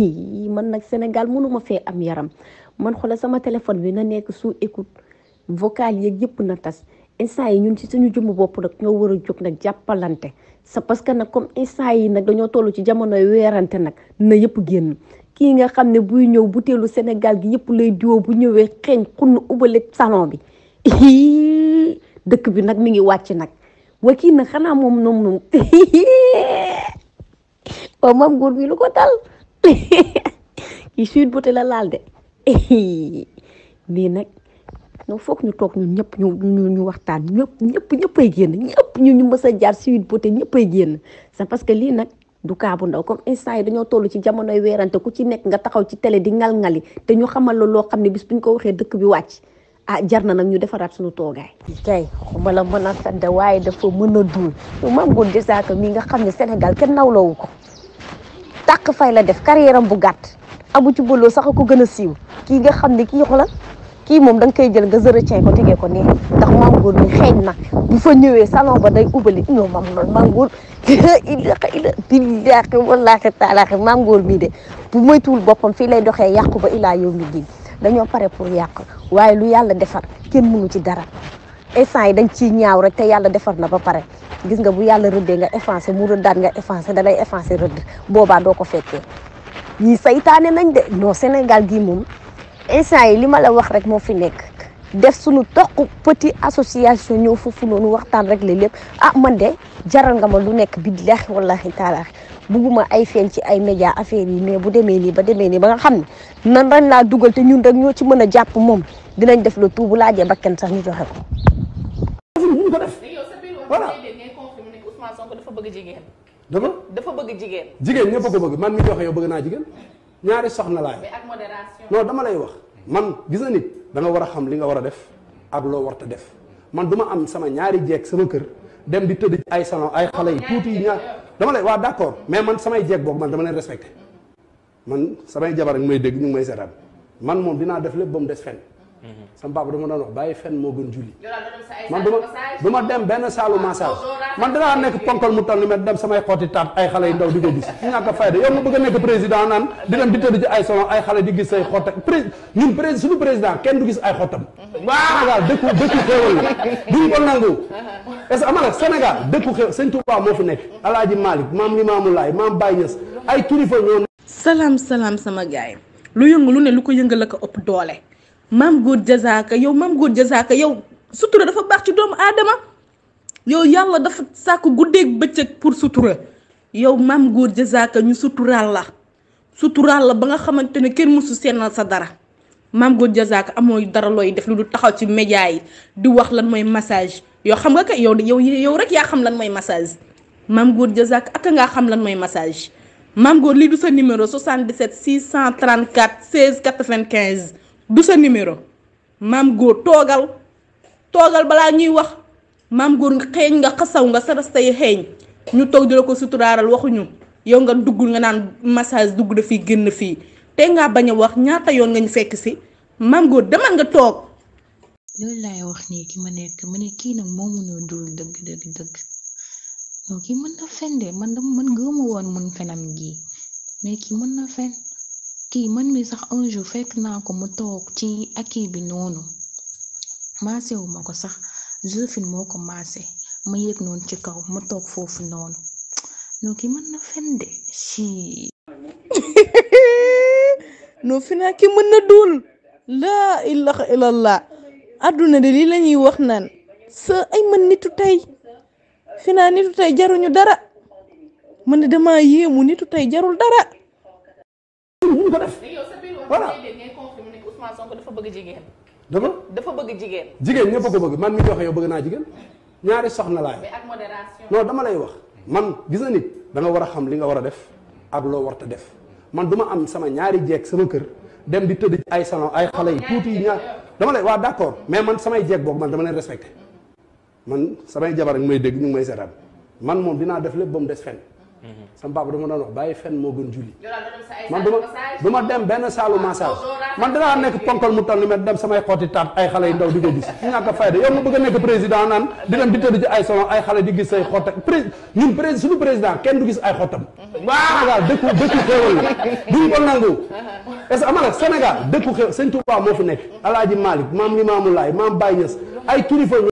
kii man nag Sénégal mënuma fee am yaram man xoolal sama téléphone bi na nekk sous écoute vocal yeeg yëpp na tas instant yi ñun ci suñu jëmm bopp nag ñoo war a jóg nag jàppalante sa parce que nag comme instant yi nag dañoo toll ci jamono weerante nag na yëpp génn kii nga xam ne buy ñëw butéelu Sénégal gi yëpp lay diwoo bu ñëwee xeeñ xunn ubale salon bi dëkk bi nag mi ngi wàcc nag wa nag xanaa moom noom noom waaw maam góor bi lu ko dal kii suite la laal de mais nag non foog ñu toog ñun ñëpp ñu ñu waxtaan ñëpp ñëpp ñëppay génn ñëpp ñu ñu mës a jaar suite beauté ñëppay génn c'est parce que lii nag du kaabu bu ndaw comme instant yi dañoo toll ci jamonoy weerante ku ci nekk nga taxaw ci tele di ngal-ngali te ñu xamal la loo xam ne bis bu ñu ko waxee dëkk bi wàcc ah jar na nag ñu defaraat suñu toogaay. kay xumala mën a sedd waaye dafa mën a duul. mam Mamadou Diazaka mi nga xam ne Sénégal kenn nawloowu ko. ñàkk fay la def kar am bu gàtt abu ci bëloo sax a ko gën a siiw kii nga xam ne kii la kii moom da nga koy jël nga zërëcin ko tegee ko nii ndax mangoor mi xeeñ na bu fa ñëwee salon ba day ubali ñoo mam loolu mangoor ilaq ila billaahi wallaahi taalaahi mangoor mii de bu moytuwul boppam fii lay doxee yàqu ba ilaa yow mi din dañoo pare pour yàq waaye lu yàlla defar kenn mënu ci dara instant yi dañ ciy ñaaw rek te yàlla defar na ba pare gis nga bu yàlla rëddee nga effacé mu daan nga effacé da lay effacé rëdd boobaa doo ko fekkee ñii saytaane nañ de non Sénégal gii moom instant yi li ma la wax rek moo fi nekk def suñu toq petit association ñëw foofu noonu waxtaan rek la lépp ah man de jaral nga ma lu nekk billaahi wallaahi taalaa bugguma ay feeñ ci ay média affaire yi mais bu demee nii ba demee nii ba nga xam ne nan lañ laa dugal te ñun rek ñoo ci mën a jàpp moom dinañ def le tout bu laajee bakkan sax ñu joxe ko. duñ ko def. voilà Ousmane Sonko dafa bëgg jigéen. dafa bëgg jigéen. jigéen ñëpp ko bëgg man mi joxe yow bëgg naa jigéen ñaari soxna laay. mais dama lay wax man gis na nit da war a xam li nga war a def ak loo warta def man du am sama ñaari jeeg sama kër dem di tëdd ay salon ay xale yi tuuti ñaar dama lay waa d'accord mais man samay jeeg boobu man dama leen respecté man samay jabar ak may dégg ñu ngi may seetaan man moom dinaa def lépp ba mu des fenn sama papa dama doon wax bàyyi fen moo gën julli. man du ma du dem benn saalu massage ah, man danaa nekk ponkal mu toll ni dem samay xooti taat ay xale yu ndaw di ko gis ñàkk a fayda yow nga bëgg a nekk président naan di dem di tëdd ci ay salon ay xale di gis say xott prés ñun prés président kenn du gis ay xottam. Sénégal dëkku dëkku xéewal la duñ ko nangu. est-ce que moo fi nekk El Hadj Malick maam Limaamu Laay maam Baye Niass ay kilifa ñoo. salaam salaam sama gaay lu yëngu lu ne lu ko yëngal la ko ëpp maam góor jazaaka yow maam góor jazaaka yow sutura dafa baax ci doomu aadama yow yàlla dafa sàkk guddeeg bëccëg pour sutura yow maam góor jazaaka ñu suturaal la suturaal la ba nga xamante ne kenn mësu seenal sa dara maam góor jazaaka amoo dara looy def lu du taxaw ci média yi di wax lan mooy massage yow xam nga kay yow yow yow rek yaa xam lan mooy massage maam góor jazaaka ak nga xam lan mooy massage maam góor lii du sa numéro 77 634 16 95 du sa numéro maam góor toogal toogal balaa ñuy wax maam góor xeeñ nga xasaw nga sa rasta xeeñ ñu toog di la ko suturaaral waxuñu yow nga duggul nga naan massage dugg na fii génn fii te nga bañ a wax ñaata yoon nga ñu fekk si maam góor nga toog. loolu laay wax nii ki ma nekk ma ne kii nag moo mënoo dul dëgg dëgg dëgg non kii mën na fen de man dama man woon mun fenam gi mais kii mën na fen. kii mën na sax un fekk naa ko mu toog ci akii bi noonu maase wu ko sax Josephine moo ko maase ma yéeg noonu ci kaw mu toog foofu noonu non kii mën na fen de si non fi mën na duul laa ilaha illallah àdduna de lii lañuy wax naan sa ay man nitu tey fi naa nitu tey jaruñu dara man dama yéemu nitu tey jarul dara duñ ko def. voilà Ousmane Sonko dafa bëgg jigéen. jigéen. jigéen ñëpp ko bëgg man mi joxe yow bëgg naa jigéen ñaari soxna laay. mais dama lay wax man gis na nit da war a xam li nga war a def ak loo warta def man du am sama ñaari jeeg sama kër dem di tëdd ay salon ay xale yi tuuti ñaar dama lay waa d'accord mais man samay jeeg boog man dama leen respecté man samay jabar ak may dégg ñu ngi may seetaan man moom dinaa def lépp ba mu des fenn sama papa dama doon wax bàyyi fen moo gën julli. man du ma ma dem benn saalu ah, massage man danaa nekk ponkal mu toll ni dem samay xooti taat ay xale yu ndaw di ko gis ñàkk fayda yow ma bëgg a nekk président naan di dem di tëdd ci ay salon ay xale di gis say xott prés ñun prés président kenn du gis ay xottam. Sénégal dëkku dëkku xéewal la duñ ko nangu. est Sénégal dëkku xéew Sëñ Tuubaa moo fi nekk. Alaaji Malick maam Limaamu Laay maam Baye Niass ay kilifa